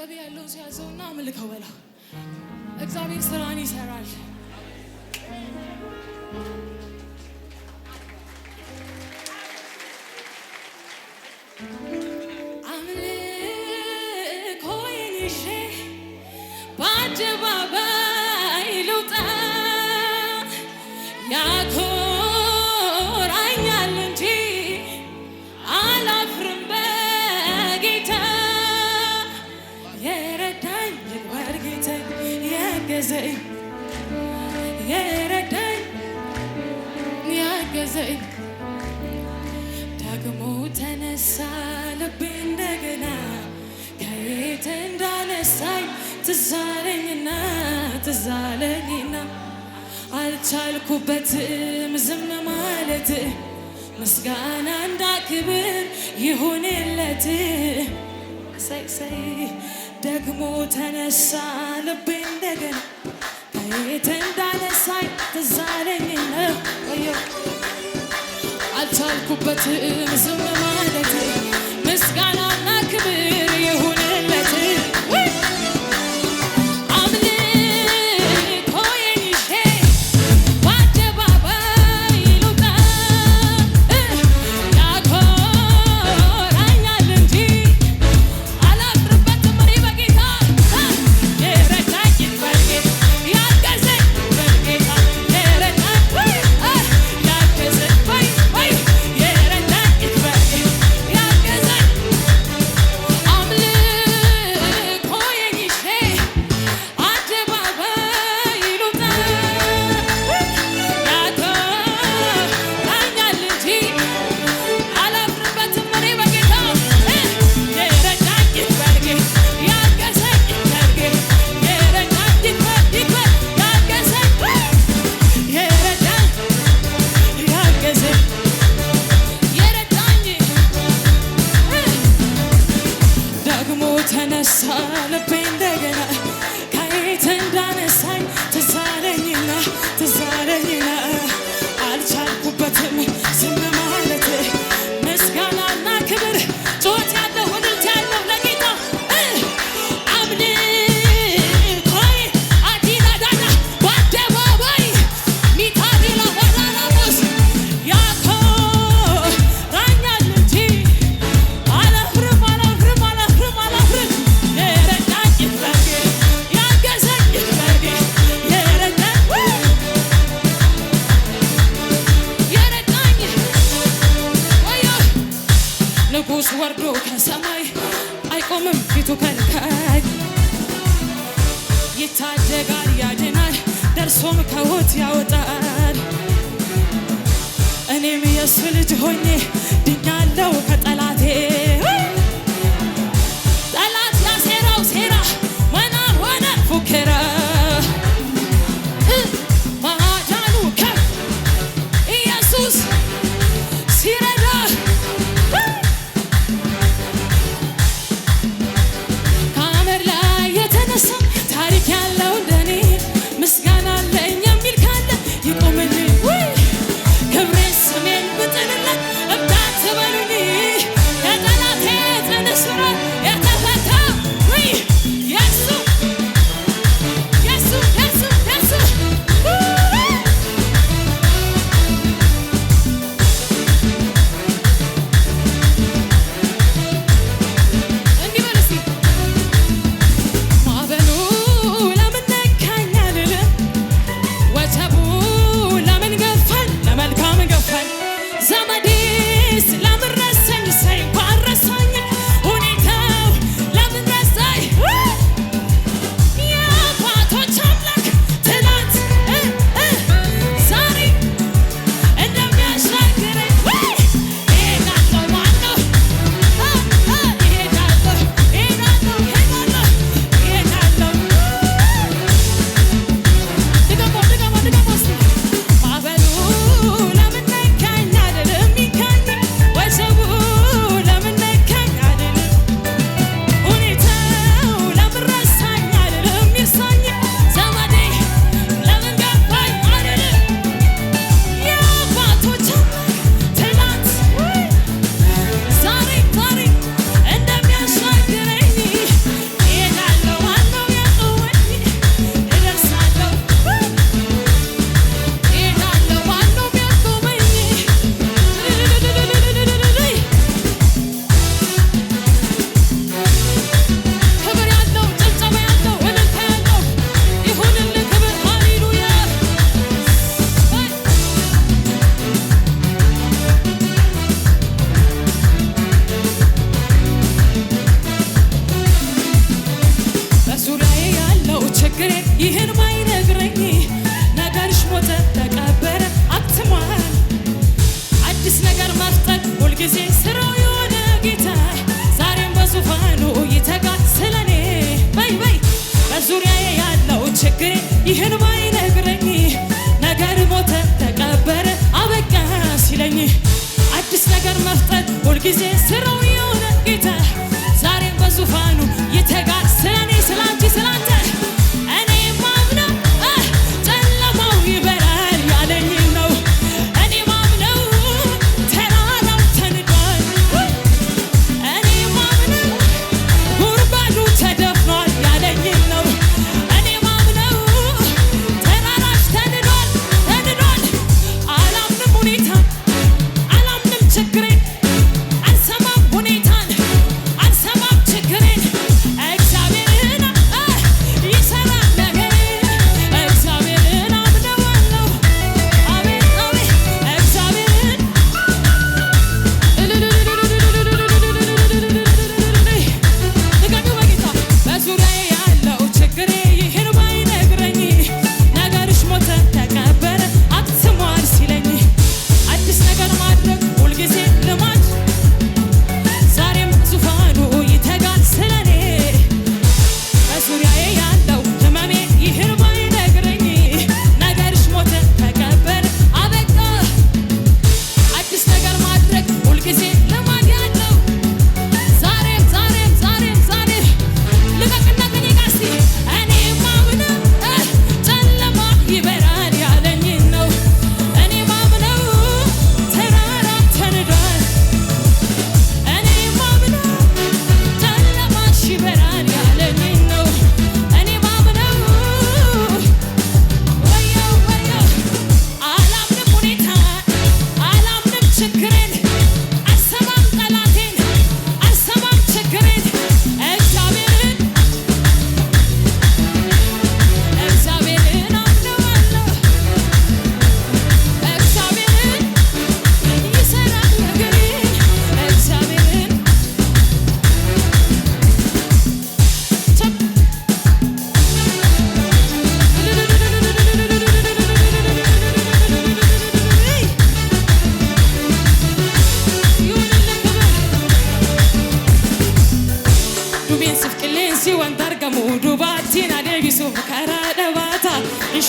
አጠገብ ያለው ሲያዘውና አምልከው በላ። እግዚአብሔር ስራን ይሰራል። አምልኮዬን ይዤ በአደባባይ ሲነሳኝ ትዛለኝና ትዛለኝና አልቻልኩበትም ዝም ማለት ምስጋና እንዳ ክብር ይሁንለት ደግሞ ተነሳ ልቤ እንደገና ከየት እንዳነሳኝ ትዛለኝና አልቻልኩበትም ዝም ማለት ታቦት ያወጣል። እኔም የእሱ ልጅ ሆኜ ድኛለው ከጠላ ይህን ባይነግረኝ ነገር ሞተ ተቀበረ አበቃ ሲለኝ አዲስ ነገር መፍጠር ሁልጊዜ ስራ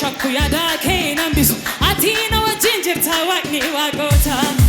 shakku yaada keenan bisu ati na wajjin jirta waaqni waaqotaa.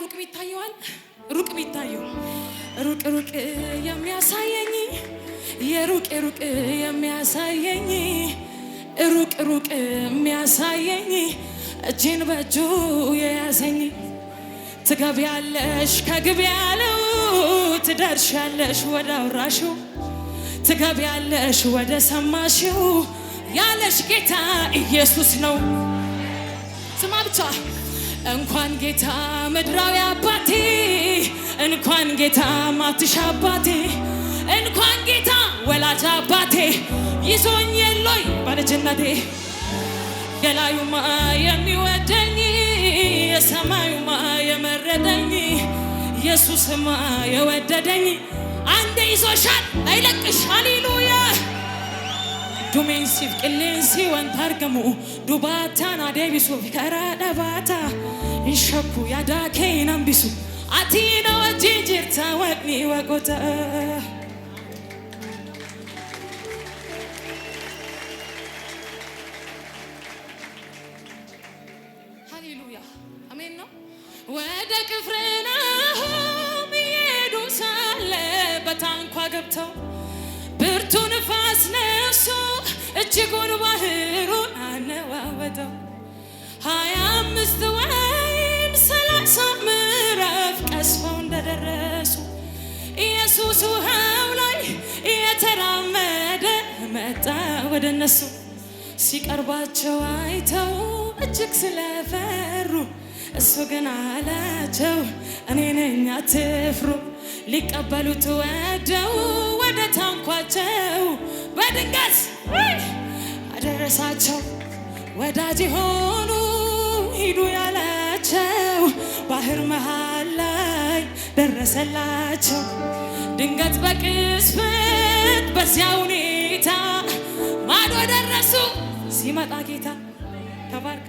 ሩቅ ይታየዋል። ሩቅ ይታየው ሩቅ ሩቅ የሚያሳየኝ የሩቅ ሩቅ የሚያሳየኝ ሩቅ ሩቅ የሚያሳየኝ እጅን በእጁ የያዘኝ ትገቢያለሽ ከግቢ ያለው ትደርሻለሽ ወደ አውራሽው ትገቢያለሽ ወደ ሰማሽው ያለሽ ጌታ ኢየሱስ ነው። ስማ ብቻ እንኳን ጌታ ምድራዊ አባቴ እንኳን ጌታ ማትሻ አባቴ እንኳን ጌታ ወላጅ አባቴ ይዞኝ የሎይ በልጅነቴ የላዩማ የሚወደኝ የሰማዩማ የመረጠኝ ኢየሱስማ የወደደኝ አንዴ ይዞሻል አይለቅሽ Dumeessiif qilleensi wanta argamu dubaataan adeebisuuf karaa dhabaataa hin shakku yaadaa kee hin hambisu ati na wajjin jirta waaqni waaqota. ወደ ቅፍርናሆም ይሄዱ ሳለ በታንኳ ገብተው ብርቱ ንፋስ ነሱ እጅጉን ባህሩን አነዋወጠው ሀያ አምስት ወይም ሰላሳ ምዕራፍ ቀስፈው እንደደረሱ ኢየሱስ ውሃው ላይ እየተራመደ መጣ ወደ እነሱ ሲቀርባቸው አይተው እጅግ ስለፈሩ እሱ ግን አላቸው እኔ ነኝ አትፍሩ። ሊቀበሉት ወደው ወደ ታንኳቸው በድንገት አደረሳቸው ወዳጅ ሆኑ ሂዱ ያላቸው ባህር መሃል ላይ ደረሰላቸው። ድንገት በቅስፈት በዚያ ሁኔታ ማዶ ደረሱ ሲመጣ ጌታ ተባርከ